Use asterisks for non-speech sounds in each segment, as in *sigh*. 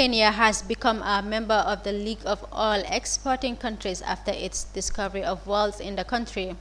Kenya has become a member of the League of Oil Exporting Countries after its discovery of wells in the country.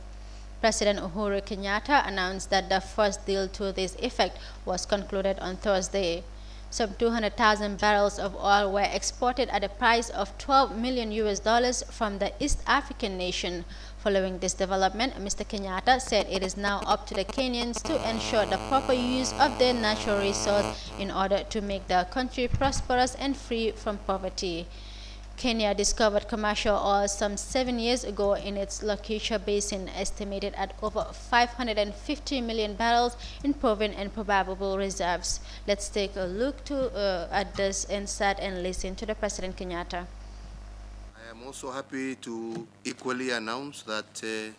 President Uhuru Kenyatta announced that the first deal to this effect was concluded on Thursday. Some 200,000 barrels of oil were exported at a price of 12 million US dollars from the East African nation. Following this development, Mr. Kenyatta said it is now up to the Kenyans to ensure the proper use of their natural resource in order to make their country prosperous and free from poverty. Kenya discovered commercial oil some seven years ago in its Lakeisha Basin, estimated at over 550 million barrels in proven and probable reserves. Let's take a look to, uh, at this insight and listen to the President Kenyatta. I am also happy to equally announce that uh,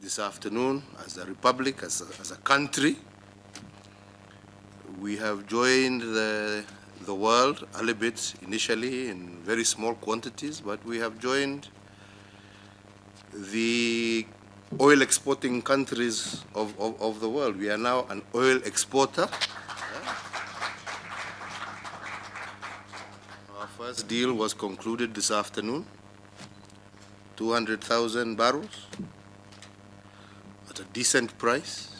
this afternoon, as a republic, as a, as a country, we have joined the the world, a little bit initially in very small quantities, but we have joined the oil exporting countries of, of, of the world. We are now an oil exporter. Our first deal was concluded this afternoon, 200,000 barrels at a decent price,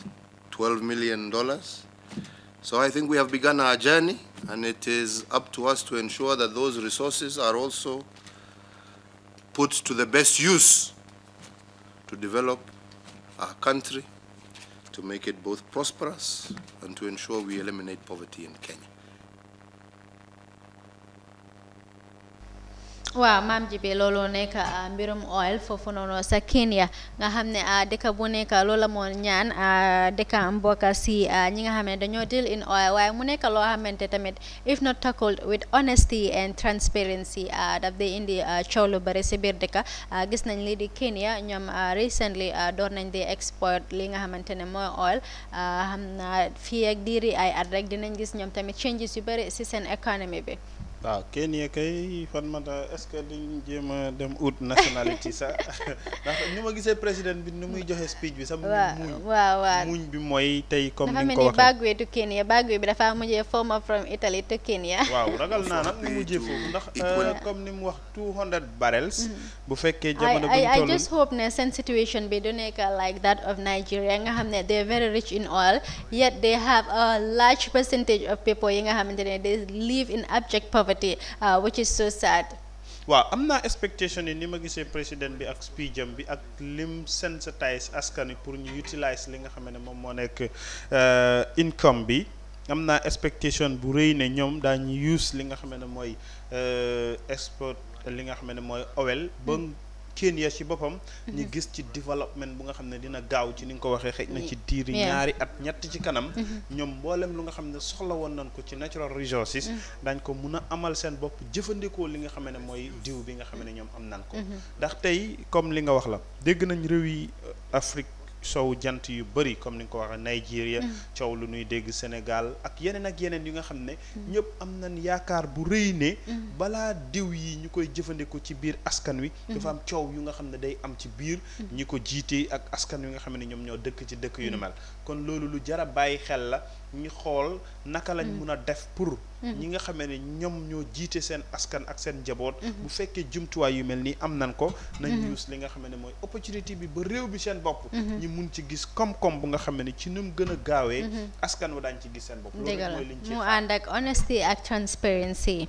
$12 million. So I think we have begun our journey, and it is up to us to ensure that those resources are also put to the best use to develop our country, to make it both prosperous, and to ensure we eliminate poverty in Kenya. wa mam jibe lolo ne ka ah, mbirum oil fofu nono sa Kenya nga xamne a ah, deka bu ne ka lola mo ñaan a ah, deka boka si ñi nga xamne dañu deal in oil way mu ne ka lo xamne tamit if not tackled with honesty and transparency a daf de indi cholo bare ci bir deka gis nañ li di Kenya ñom recently door nañ di export li nga ne moy oil xamna fi ak diri ay at rek dinañ gis ñom tamit changes yu bare ci sen economy bi waaw Kenya kay fan man a ce que duñ jéem a dem out nationalité sax *laughs* ndax ni ma gisee président bi ni muy joxe speech bi sax. muñ bi mooy tey comme ni nga ko waxee. dafa mel ni Bagwe to Kenya Bagwe bi dafa mujjee former from Italy to Kenya. waaw ragal naa nag mu mujjee foofu ndax euh, comme ni mm-hmm. bu fekkee jamono bu ñu toll I just hope ne seen situation bi du nekk like that nga xam ne a they live in abject poverty. yëkkati uh, which is waaw am naa expectation yi ni ma gisee président bi ak speech bi ak lim sensitise askan wi pour ñu utiliser li nga xam ne moom moo nekk uh, income bi am naa expectation bu rëy ne ñoom daañu use li nga xam ne mooy uh, export li nga xam ne mooy owel ba hmm. Kenya ci boppam ñu gis ci développement bu nga xam ne dina gaaw ci ni nga ko waxee xëy na ci diiri ñaari at ñett ci kanam mm-hmm. ñoom mboolem lu nga xam ne soxla woon nañ ko ci natural resources mm-hmm. dañ ko mun a amal seen bopp jëfandikoo li nga xam ne mooy diw bi nga xam ne ñoom am nan ko mm-hmm. ndax tey comme li nga wax la dégg nañ réew yi Afrique sow jant yu bëri comme ni nga ko waxee Nigeria. Mm. coow lu nuy dégg Sénégal ak yeneen ak yeneen yi nga xam ne. Mm. ñëpp am na yaakaar bu rëy ne. Mm. balaa diw yi ñu koy jëfandikoo ci biir askan wi. dafa am coow yu nga xam ne day am ci biir. ñi ko jiite ak askan wi nga xam ne ñoom ñoo dëkk ci dëkk yu nu mel. kon loolu lu jar a bàyyi xel la ñu xool naka lañ mun a def pour. ñi mm-hmm. nga xamee ne ñoom ñoo jiite seen askan ak seen njaboot. Mm-hmm. bu fekkee jumtuwaay yu mel ni am nan ko. na mm-hmm. use li nga xam ne mooy opportunité bi ba réew bi seen bopp. ñu mun ci gis koom-koom bu nga xam ne ci nu mu gën a gaawee. askan wa daañu ci gis seen bopp. loolu mooy liñ ci mu ànd ak honesty ak transparency